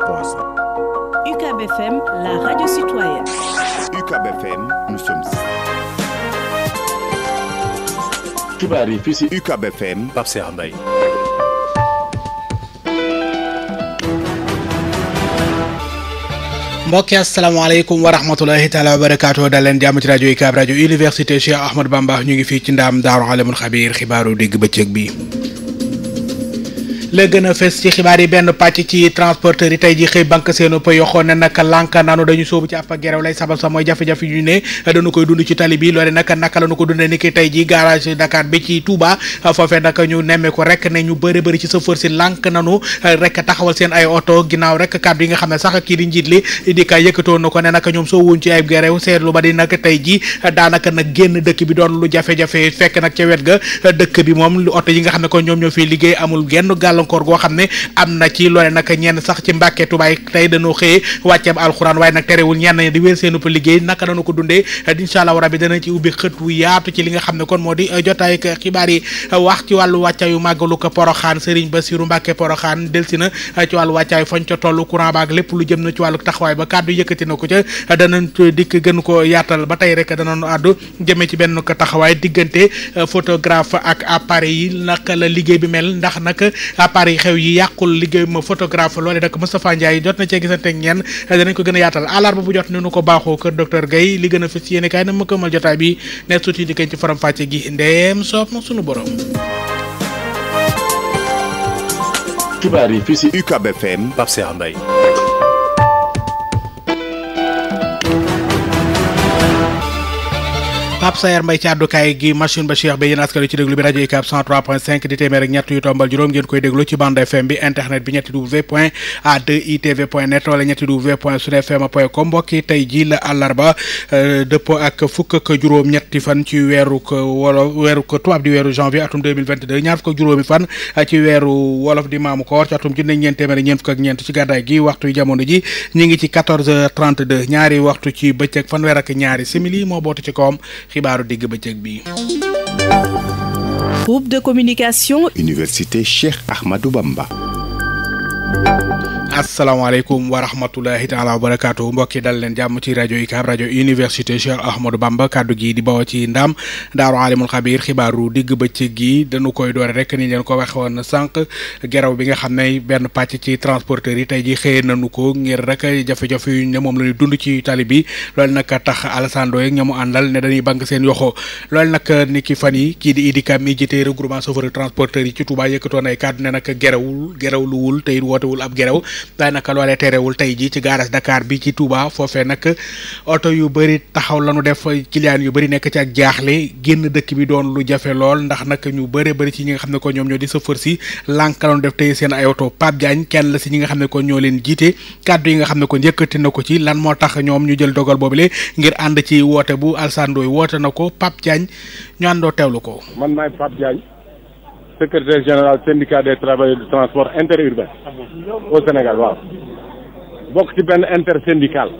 UCAB FM, la radio citoyenne. UCAB FM, nous fii si UCAB FM. Pape Serra Mbaye. mbokk yi asalaamaaleykum wa rahmatulahi taala ci rajo UCAB rajo université Cheikh Ahmad Bamba ñu ngi fii ci ndaam Daaru Alimul Xabiir xibaaru digg bëccëg bi. la gën a fes ci xibaar yi benn pàcc ci transporteur yi tey ji xëy banque seen opa yoxoon ne nag lànk naanu dañu sóobu ci àpp gerew lay sabal sa mooy jafe-jafe ñu koy dund ci tali bi loole nag naka la ñu ko dundee ni tey ji garage Dakar bi ci Touba foofee nag ñu nemmee ko rek ne ñu bëri bëri ci chauffeur si lànk nanu rek taxawal seen ay oto ginnaaw rek kàddu yi nga xam ne kii di njiit li di ka yëkkatoon na ko ne nag ñoom soo wuñ ci ay gerew seetlu ba di nag tey ji daanaka nag génn dëkk bi doon lu jafe fekk nag ca wet ga dëkk bi moom lu oto yi nga xam ne ko ñoom ñoo fiy liggéey amul genn gàll gàllankoor goo xam ne am na ci loole nag ñenn sax ci Mbàkke Tubaay tey dañoo xëyee wàcceem alxuraan waaye nag terewul ñenn di wér seen upp liggéey naka dañu ko dundee incha allah rabbi danañ ci ubbi xët wu yaatu ci li nga xam ne kon moo di jotaay ak xibaar yi wax ci wàllu wàccaayu màggalu ko Poroxaan Serigne Bassirou Mbàkke Poroxaan delsi na ci wàllu wàccaay fañ ca toll courant baak lépp lu jëm na ci wàllu taxawaay ba kàddu yëkkati na ko ca danañ dikk gën ko yaatal ba tey rek danañu àddu jëmee ci benn ko taxawaay diggante photographe ak appareil yi naka la liggéey bi mel ndax nag Paris xew yi yàqul liggéey ma photographe loolee nag Moustapha Ndiaye jot na cee gisante ak ñenn danañ ko gën a yaatal àllarba bu jot ni nu ko baaxoo kër docteur Guèye li gën a fës yéene kaay na ma këmal jotaay bi ne suuti di kenn ci faram fàcce gi ndeem soob na sunu borom. yi fii si UCAB FM Pape Cheikh Pape Saer Mbaye ci àddukaay gi machine ba Cheikh ba yéen askan ci déglu bi rajo UCAB 103.5 di téeméer ak ñett yu tombal juróom ngeen koy déglu ci bande FM bi internet bi ñetti w point a2itv point net wala ñetti euh, ak fan ci weeru wala weeru tubaab di weeru janvier atum 2022 ñaar fukk ak juróomi fan euh, ci weeru wolof di maamu koor ci atum ñeent téeméer ñeent fukk ak ñeent ci gàddaay gi waxtu yi jamono ji ñu ngi ci 14h32 ñaari waxtu ci bëccëg fanweer ak ñaari simili moo bootu ci kawam xibaaru digg bëccëg bi. groupe de communication. université Cheikh Ahmadou Bamba. asalaamaaleykum wa rahmatulahi taala wa barakaatu mbokki dal leen jàmm ci rajo UCAB rajo université Cheikh Ahmadou Bamba kàddu gi di bawoo ci ndaam daaru aalimul xabiir xibaaru digg bëccëg gi danu koy doore rek ni leen ko waxe woon sànq geraw bi nga xam ne benn pàcc ci transporteurs yi tey ji xëyee nañu ko ngir rek jafe-jafe yu ne moom la ñuy dund ci tali bi loolu nag tax Alassane Ndoye ñamu àndal ne dañuy bank seen yoxo loolu nag ni ki fan yi kii di Idi Kam mi jiite regroupement chauffeur transporteurs yi ci Touba yëkkatoon ay kàddu ne nag gerawul gerawluwul te wootewul ab geraw daanaka loolee terewul tey jii ci garage Dakar bi ci Touba foofee nag oto yu bëri taxaw la ñu def client yu bëri nekk ci ak jaaxle génn dëkk bi doon lu jafe lool ndax nag ñu bëri bari ci ñi nga xam ne ko ñoom ñoo di sëfër si lànk la ñu def tey seen ay oto Pape Diagne kenn la si ñi nga xam ne ko ñoo leen jiite kàddu yi nga xam ne ko njëkkati na ko ci lan moo tax ñoom ñu jël dogal boobu boobule ngir ànd ci woote bu Alsane Ndoye woote na ko Pape Diagne ñu àndoo teewlu ko. man maay Pape secrétaire général syndicat des travailleurs du transport interurbain au Sénégal waaw bokk ci benn intersyndical